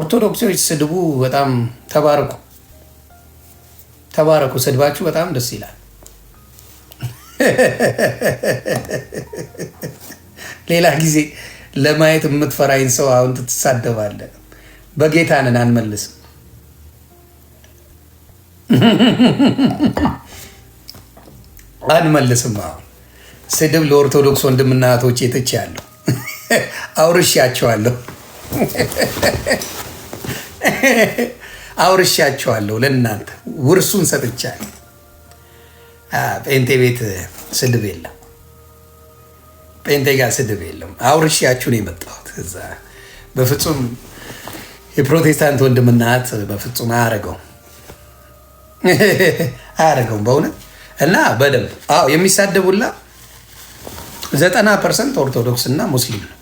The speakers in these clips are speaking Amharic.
ኦርቶዶክሶች ስድቡ በጣም ተባረኩ፣ ተባረኩ። ስድባችሁ በጣም ደስ ይላል። ሌላ ጊዜ ለማየት የምትፈራኝ ሰው አሁን ትሳደባለህ። በጌታንን አንመልስም። አንመልስም። አሁን ስድብ ለኦርቶዶክስ ወንድምና እህቶቼ ትቼያለሁ፣ አውርሻቸዋለሁ። አውርሻቸዋለሁ። ለእናንተ ውርሱን ሰጥቻለሁ። ጴንጤ ቤት ስድብ የለም። ጴንጤ ጋር ስድብ የለም። አውርሻችሁ ነው የመጣሁት። እዛ በፍጹም የፕሮቴስታንት ወንድምና በፍጹም አያደርገውም አያረገውም በእውነት እና በደንብ አዎ፣ የሚሳደቡላ ዘጠና ፐርሰንት ኦርቶዶክስ እና ሙስሊም ነው።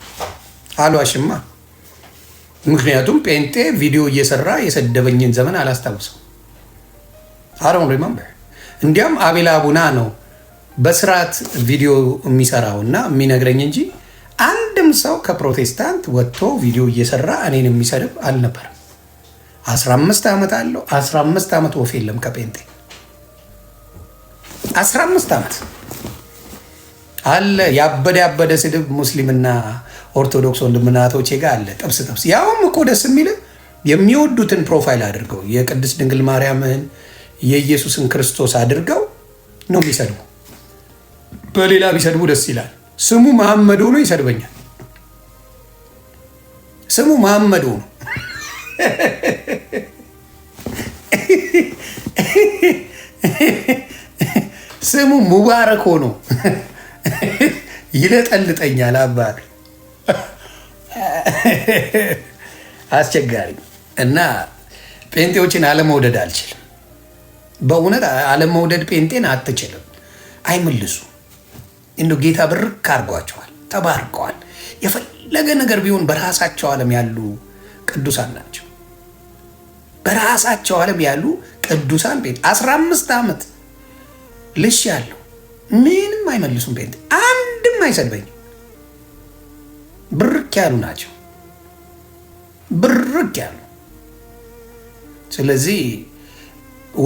አሏሽማ ምክንያቱም ጴንጤ ቪዲዮ እየሰራ የሰደበኝን ዘመን አላስታውሰው አረው ሪመምበር። እንዲያም አቤላ ቡና ነው በስርዓት ቪዲዮ የሚሰራው እና የሚነግረኝ እንጂ አንድም ሰው ከፕሮቴስታንት ወጥቶ ቪዲዮ እየሰራ እኔን የሚሰድብ አልነበርም። 15 ዓመት አለው። 15 ዓመት ወፍ የለም ከጴንጤ 15 ዓመት አለ። ያበደ ያበደ ስድብ ሙስሊምና ኦርቶዶክስ ወንድምና እህቶቼ ጋር አለ ጥብስ ጥብስ። ያውም እኮ ደስ የሚል የሚወዱትን ፕሮፋይል አድርገው የቅድስት ድንግል ማርያምን የኢየሱስን ክርስቶስ አድርገው ነው የሚሰድቡ። በሌላ ቢሰድቡ ደስ ይላል። ስሙ መሐመድ ሆኖ ይሰድበኛል። ስሙ መሐመድ ሆኖ ስሙ ሙባረክ ሆኖ ይለጠልጠኛል አባት አስቸጋሪ እና ጴንጤዎችን አለመውደድ አልችልም። በእውነት አለመውደድ ጴንጤን አትችልም። አይመልሱ እንደ ጌታ ብርክ አድርጓቸዋል፣ ተባርከዋል። የፈለገ ነገር ቢሆን በራሳቸው ዓለም ያሉ ቅዱሳን ናቸው። በራሳቸው ዓለም ያሉ ቅዱሳን ጴንጤ አስራ አምስት ዓመት ልሽ ያለው ምንም አይመልሱም። ጴንጤ አንድም አይሰድበኝም። ብርቅ ያሉ ናቸው። ብርቅ ያሉ ስለዚህ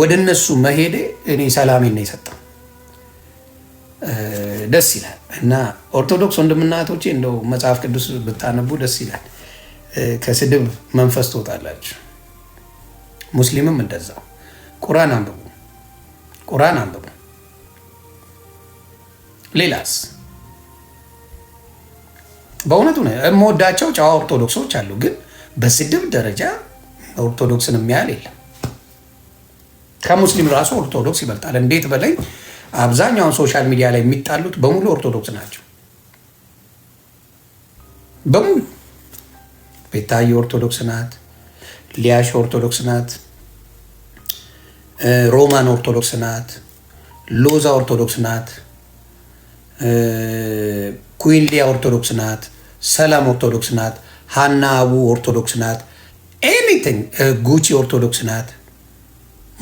ወደ እነሱ መሄዴ እኔ ሰላሜን ነው የሰጠው። ደስ ይላል እና ኦርቶዶክስ ወንድምናቶቼ እንደው መጽሐፍ ቅዱስ ብታነቡ ደስ ይላል። ከስድብ መንፈስ ትወጣላችሁ። ሙስሊምም እንደዛው። ቁራን አንብቡ፣ ቁራን አንብቡ። ሌላስ በእውነቱ የምወዳቸው ጨዋ ኦርቶዶክሶች አሉ፣ ግን በስድብ ደረጃ ኦርቶዶክስን የሚያህል የለም። ከሙስሊም ራሱ ኦርቶዶክስ ይበልጣል። እንዴት በለኝ። አብዛኛውን ሶሻል ሚዲያ ላይ የሚጣሉት በሙሉ ኦርቶዶክስ ናቸው። በሙሉ ቤታየ ኦርቶዶክስ ናት፣ ሊያሽ ኦርቶዶክስ ናት፣ ሮማን ኦርቶዶክስ ናት፣ ሎዛ ኦርቶዶክስ ናት፣ ኩንሊያ ኦርቶዶክስ ናት። ሰላም ኦርቶዶክስ ናት፣ ሀና አቡ ኦርቶዶክስ ናት፣ ኤኒቲንግ ጉቺ ኦርቶዶክስ ናት፣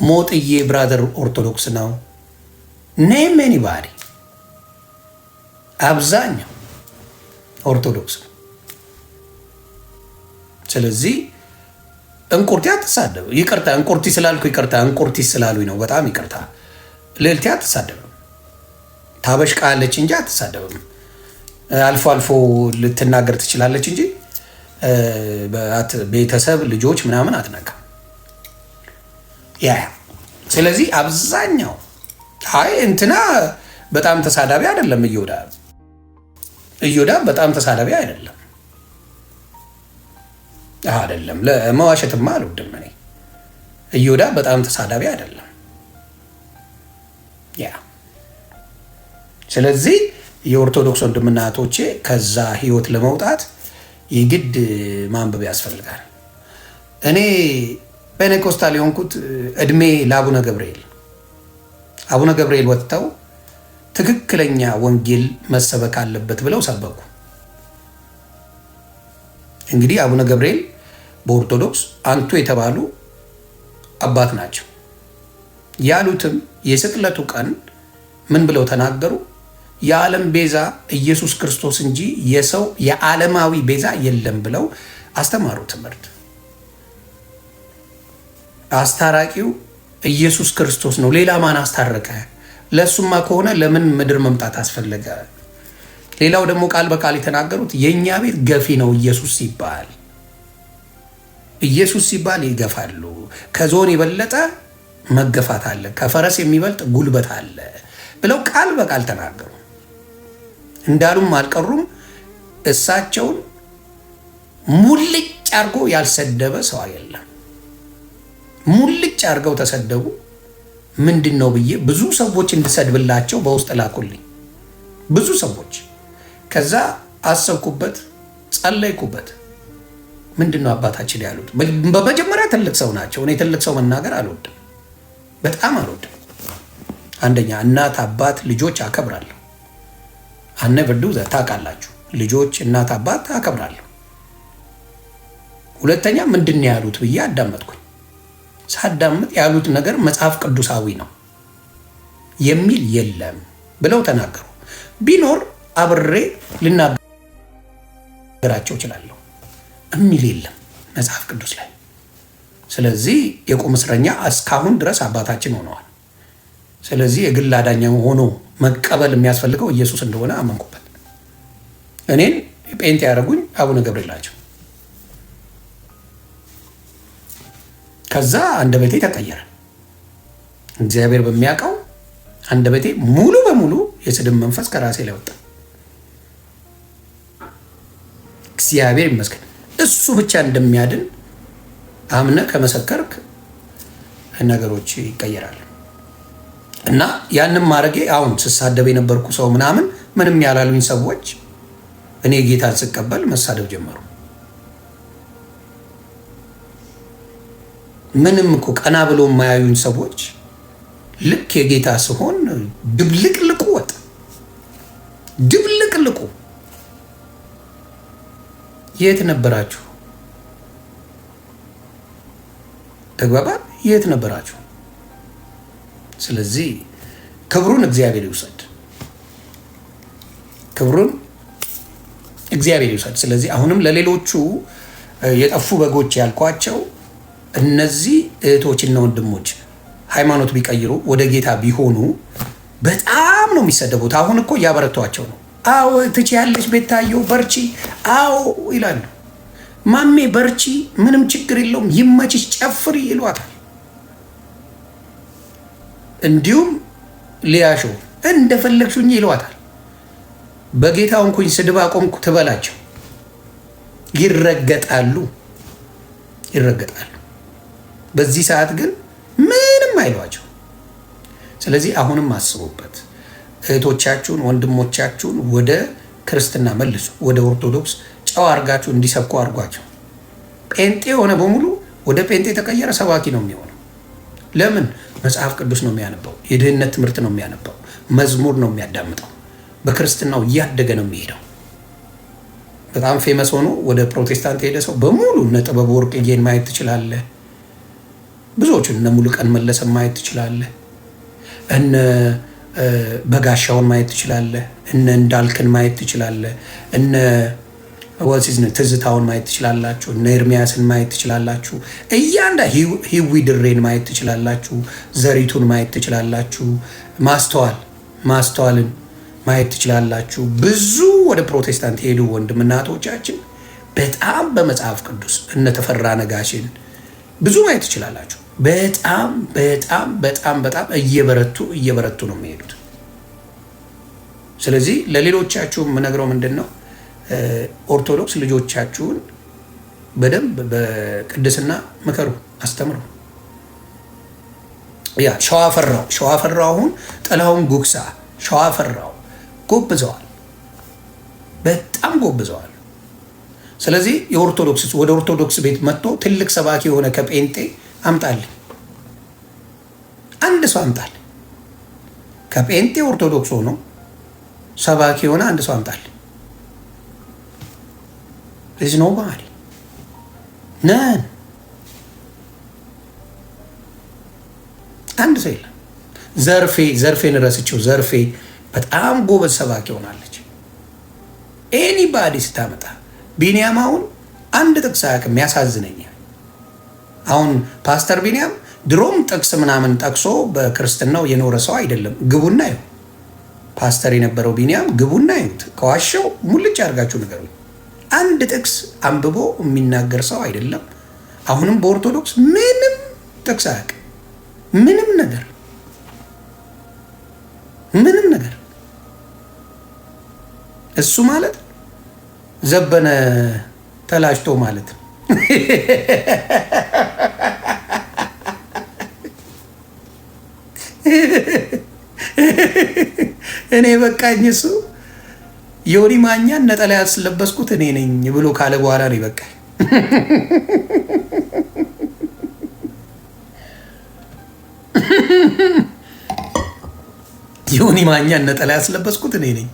ሞጥዬ ብራዘር ኦርቶዶክስ ነው። ኔም ኤኒባዲ አብዛኛው ኦርቶዶክስ ነው። ስለዚህ እንቁርቲ አትሳደብ። ይቅርታ እንቁርቲ ስላልኩ ይቅርታ፣ እንቁርቲ ስላሉ ነው። በጣም ይቅርታ። ልዕልቴ አትሳደብም። ታበሽቃለች እንጂ አትሳደብም። አልፎ አልፎ ልትናገር ትችላለች እንጂ ቤተሰብ፣ ልጆች ምናምን አትነካም። ያ ስለዚህ አብዛኛው አይ እንትና በጣም ተሳዳቢ አይደለም፣ እዮዳ እዮዳ በጣም ተሳዳቢ አይደለም አይደለም። ለመዋሸትማ አልወድም እኔ። እዮዳ በጣም ተሳዳቢ አይደለም ያ ስለዚህ የኦርቶዶክስ ወንድምና እህቶቼ ከዛ ህይወት ለመውጣት የግድ ማንበብ ያስፈልጋል። እኔ ፔኔኮስታል የሆንኩት እድሜ ለአቡነ ገብርኤል አቡነ ገብርኤል ወጥተው ትክክለኛ ወንጌል መሰበክ አለበት ብለው ሰበኩ። እንግዲህ አቡነ ገብርኤል በኦርቶዶክስ አንቱ የተባሉ አባት ናቸው። ያሉትም የስቅለቱ ቀን ምን ብለው ተናገሩ? የዓለም ቤዛ ኢየሱስ ክርስቶስ እንጂ የሰው የዓለማዊ ቤዛ የለም ብለው አስተማሩ። ትምህርት አስታራቂው ኢየሱስ ክርስቶስ ነው። ሌላ ማን አስታረቀ? ለእሱማ ከሆነ ለምን ምድር መምጣት አስፈለገ? ሌላው ደግሞ ቃል በቃል የተናገሩት የእኛ ቤት ገፊ ነው ኢየሱስ ሲባል ኢየሱስ ሲባል ይገፋሉ። ከዞን የበለጠ መገፋት አለ፣ ከፈረስ የሚበልጥ ጉልበት አለ ብለው ቃል በቃል ተናገሩ። እንዳሉም አልቀሩም። እሳቸውን ሙልጭ አርጎ ያልሰደበ ሰው የለም። ሙልጭ አድርገው ተሰደቡ። ምንድን ነው ብዬ ብዙ ሰዎች እንድሰድብላቸው በውስጥ ላኩልኝ። ብዙ ሰዎች ከዛ አሰብኩበት፣ ጸለይኩበት። ምንድን ነው አባታችን ያሉት? በመጀመሪያ ትልቅ ሰው ናቸው። እኔ ትልቅ ሰው መናገር አልወድም፣ በጣም አልወድም። አንደኛ እናት አባት ልጆች አከብራለሁ። አነበዱ ታውቃላችሁ። ልጆች፣ እናት፣ አባት አከብራለሁ። ሁለተኛ ምንድን ያሉት ብዬ አዳመጥኩኝ። ሳዳምጥ ያሉት ነገር መጽሐፍ ቅዱሳዊ ነው የሚል የለም ብለው ተናገሩ። ቢኖር አብሬ ልናገራቸው እችላለሁ የሚል የለም መጽሐፍ ቅዱስ ላይ። ስለዚህ የቁም እስረኛ እስካሁን ድረስ አባታችን ሆነዋል። ስለዚህ የግል አዳኛ ሆኖ መቀበል የሚያስፈልገው ኢየሱስ እንደሆነ አመንኩበት። እኔን ጴንጤ ያደረጉኝ አቡነ ገብርኤል ናቸው። ከዛ አንደበቴ ተቀየረ። እግዚአብሔር በሚያውቀው አንደበቴ ሙሉ በሙሉ የስድብ መንፈስ ከራሴ ላይ ወጣ። እግዚአብሔር ይመስገን። እሱ ብቻ እንደሚያድን አምነ ከመሰከርክ ነገሮች ይቀየራል። እና ያንም ማድረጌ አሁን ስሳደብ የነበርኩ ሰው ምናምን ምንም ያላሉኝ ሰዎች እኔ ጌታን ስቀበል መሳደብ ጀመሩ። ምንም እኮ ቀና ብሎ የማያዩኝ ሰዎች ልክ የጌታ ስሆን ድብልቅልቁ ወጥ ድብልቅልቁ የት ነበራችሁ? ተግባባል። የት ነበራችሁ? ስለዚህ ክብሩን እግዚአብሔር ይውሰድ፣ ክብሩን እግዚአብሔር ይውሰድ። ስለዚህ አሁንም ለሌሎቹ የጠፉ በጎች ያልኳቸው እነዚህ እህቶችና ወንድሞች ሃይማኖት ቢቀይሩ ወደ ጌታ ቢሆኑ በጣም ነው የሚሰደቡት። አሁን እኮ እያበረቷቸው ነው። አዎ ያለች ቤታየው በርቺ፣ አዎ ይላሉ። ማሜ በርቺ፣ ምንም ችግር የለውም፣ ይመችሽ፣ ጨፍሪ ይሏታል። እንዲሁም ሊያሾ እንደፈለግሽኝ ይለዋታል። በጌታ ሆንኩኝ ስድብ አቆምኩ ትበላቸው። ይረገጣሉ ይረገጣሉ። በዚህ ሰዓት ግን ምንም አይሏቸው። ስለዚህ አሁንም አስቡበት። እህቶቻችሁን ወንድሞቻችሁን ወደ ክርስትና መልሱ። ወደ ኦርቶዶክስ ጨው አርጋችሁ እንዲሰብኩ አርጓቸው። ጴንጤ የሆነ በሙሉ ወደ ጴንጤ የተቀየረ ሰባኪ ነው የሚሆነው። ለምን? መጽሐፍ ቅዱስ ነው የሚያነባው። የድህነት ትምህርት ነው የሚያነባው። መዝሙር ነው የሚያዳምጠው። በክርስትናው እያደገ ነው የሚሄደው። በጣም ፌመስ ሆኖ ወደ ፕሮቴስታንት የሄደ ሰው በሙሉ እነ ጥበብ ወርቅዬን ማየት ትችላለህ። ብዙዎቹን እነ ሙሉቀን መለሰን ማየት ትችላለህ። እነ በጋሻውን ማየት ትችላለህ። እነ እንዳልክን ማየት ትችላለህ። እነ ወሲዝ ነው። ትዝታውን ማየት ትችላላችሁ። እነ ኤርሚያስን ማየት ትችላላችሁ። እያንዳ ሂዊ ድሬን ማየት ትችላላችሁ። ዘሪቱን ማየት ትችላላችሁ። ማስተዋል ማስተዋልን ማየት ትችላላችሁ። ብዙ ወደ ፕሮቴስታንት የሄዱ ወንድምናቶቻችን በጣም በመጽሐፍ ቅዱስ እነተፈራ ነጋሽን ብዙ ማየት ትችላላችሁ። በጣም በጣም በጣም በጣም እየበረቱ እየበረቱ ነው የሚሄዱት። ስለዚህ ለሌሎቻችሁ የምነግረው ምንድን ነው ኦርቶዶክስ ልጆቻችሁን በደንብ በቅድስና ምከሩ፣ አስተምሩ። ያ ሸዋፈራው ሸዋፈራው አሁን ጥላሁን ጉግሳ ሸዋፈራው ጎብዘዋል፣ በጣም ጎብዘዋል። ስለዚህ የኦርቶዶክስ ወደ ኦርቶዶክስ ቤት መጥቶ ትልቅ ሰባኪ የሆነ ከጴንጤ አምጣልኝ፣ አንድ ሰው አምጣልኝ። ከጴንጤ ኦርቶዶክስ ሆኖ ሰባኪ የሆነ አንድ ሰው አምጣልኝ። There's nobody. None. አንድ ሰው የለም። ዘርፌ ዘርፌን ረስችው። ዘርፌ በጣም ጎበዝ ሰባኪ ሆናለች። ኤኒባዲ ስታመጣ ቢኒያም አሁን አንድ ጥቅስ አያውቅም። ያሳዝነኛል። አሁን ፓስተር ቢኒያም ድሮም ጥቅስ ምናምን ጠቅሶ በክርስትናው የኖረ ሰው አይደለም። ግቡና ይሁን ፓስተር የነበረው ቢኒያም ግቡና ይሁት ከዋሸው ሙልጭ አድርጋችሁ ንገሩኝ። አንድ ጥቅስ አንብቦ የሚናገር ሰው አይደለም። አሁንም በኦርቶዶክስ ምንም ጥቅስ አያውቅም። ምንም ነገር ምንም ነገር እሱ ማለት ዘበነ ተላጭቶ ማለት እኔ በቃኝ እሱ የወዲ ማኛን ነጠላ ያስለበስኩት እኔ ነኝ ብሎ ካለ በኋላ ነው ይበቃል። የወዲ ማኛን ነጠላ ያስለበስኩት እኔ ነኝ።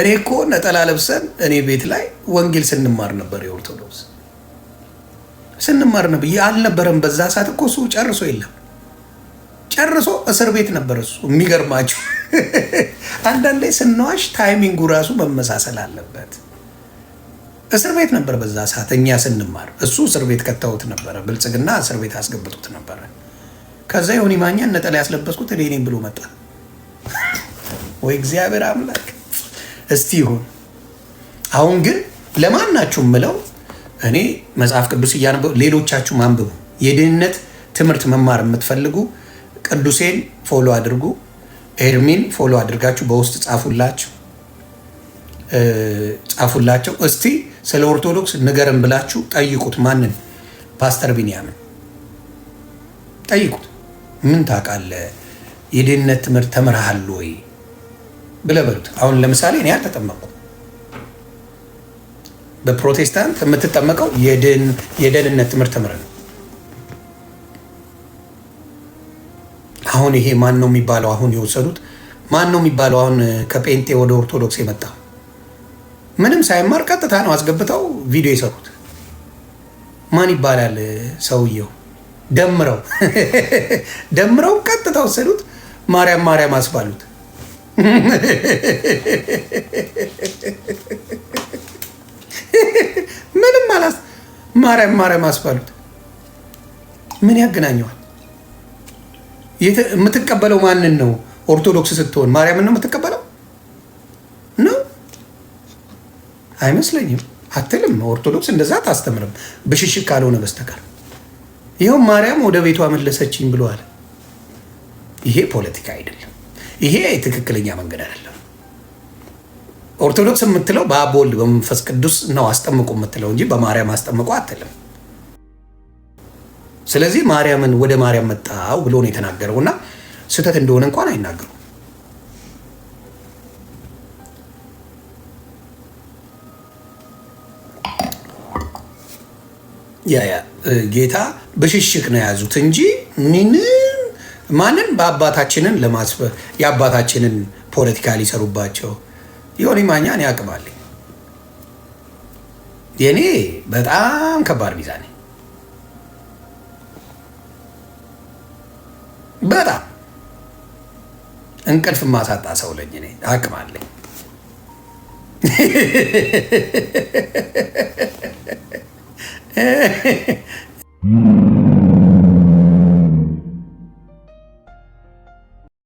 እኔ እኮ ነጠላ ለብሰን እኔ ቤት ላይ ወንጌል ስንማር ነበር። የኦርቶዶክስ ስንማር ነበር አልነበረም። በዛ ሰዓት እኮ እሱ ጨርሶ የለም ጨርሶ እስር ቤት ነበር እሱ። የሚገርማቸው አንዳንድ ላይ ስናዋሽ ታይሚንጉ ራሱ መመሳሰል አለበት። እስር ቤት ነበር በዛ ሰዓት እኛ ስንማር፣ እሱ እስር ቤት ከተውት ነበረ። ብልጽግና እስር ቤት አስገብቶት ነበረ። ከዛ የሆነ ማኛ ነጠላ ያስለበስኩት እኔ ነኝ ብሎ መጣ። ወይ እግዚአብሔር አምላክ እስቲ ይሁን። አሁን ግን ለማናችሁ ምለው እኔ መጽሐፍ ቅዱስ እያነበ ሌሎቻችሁ አንብቡ የድህነት ትምህርት መማር የምትፈልጉ ቅዱሴን ፎሎ አድርጉ፣ ኤርሚን ፎሎ አድርጋችሁ በውስጥ ጻፉላችሁ ጻፉላቸው። እስቲ ስለ ኦርቶዶክስ ንገረን ብላችሁ ጠይቁት። ማንን? ፓስተር ቢንያምን ጠይቁት። ምን ታውቃለህ? የድህነት ትምህርት ተምርሃል ወይ ብለህ በሉት። አሁን ለምሳሌ እኔ አልተጠመቁ በፕሮቴስታንት የምትጠመቀው የደህንነት ትምህርት ተምረን አሁን ይሄ ማን ነው የሚባለው? አሁን የወሰዱት ማን ነው የሚባለው? አሁን ከጴንጤ ወደ ኦርቶዶክስ የመጣ ምንም ሳይማር ቀጥታ ነው አስገብተው ቪዲዮ የሰሩት። ማን ይባላል ሰውየው? ደምረው ደምረው ቀጥታ ወሰዱት። ማርያም ማርያም አስባሉት። ምንም አላስ ማርያም ማርያም አስባሉት። ምን ያገናኘዋል? የምትቀበለው ማንን ነው? ኦርቶዶክስ ስትሆን ማርያምን ነው የምትቀበለው? ነው አይመስለኝም። አትልም። ኦርቶዶክስ እንደዛ አታስተምርም፣ ብሽሽቅ ካልሆነ በስተቀር ይኸው ማርያም ወደ ቤቷ መለሰችኝ ብለዋል። ይሄ ፖለቲካ አይደለም። ይሄ ትክክለኛ መንገድ አይደለም። ኦርቶዶክስ የምትለው በአብ በመንፈስ ቅዱስ ነው አስጠምቁ የምትለው እንጂ በማርያም አስጠምቁ አትልም። ስለዚህ ማርያምን ወደ ማርያም መጣው ብሎ ነው የተናገረው እና ስህተት እንደሆነ እንኳን አይናገሩ። ያ ያ ጌታ በሽሽቅ ነው የያዙት እንጂ ምንም ማንን በአባታችንን ለማስበ የአባታችንን ፖለቲካ ሊሰሩባቸው የሆነ ማኛን ያቅማል። የኔ በጣም ከባድ ሚዛኔ በጣም እንቅልፍ ማሳጣ ሰው ለኝ እኔ አቅም አለኝ። Mm-hmm.